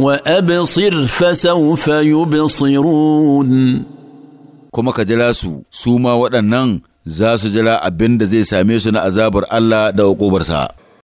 وأبصر فسوف يبصرون kuma ka jira su su waɗannan za su jira abin da zai same su na azabar Allah da uƙubarsa.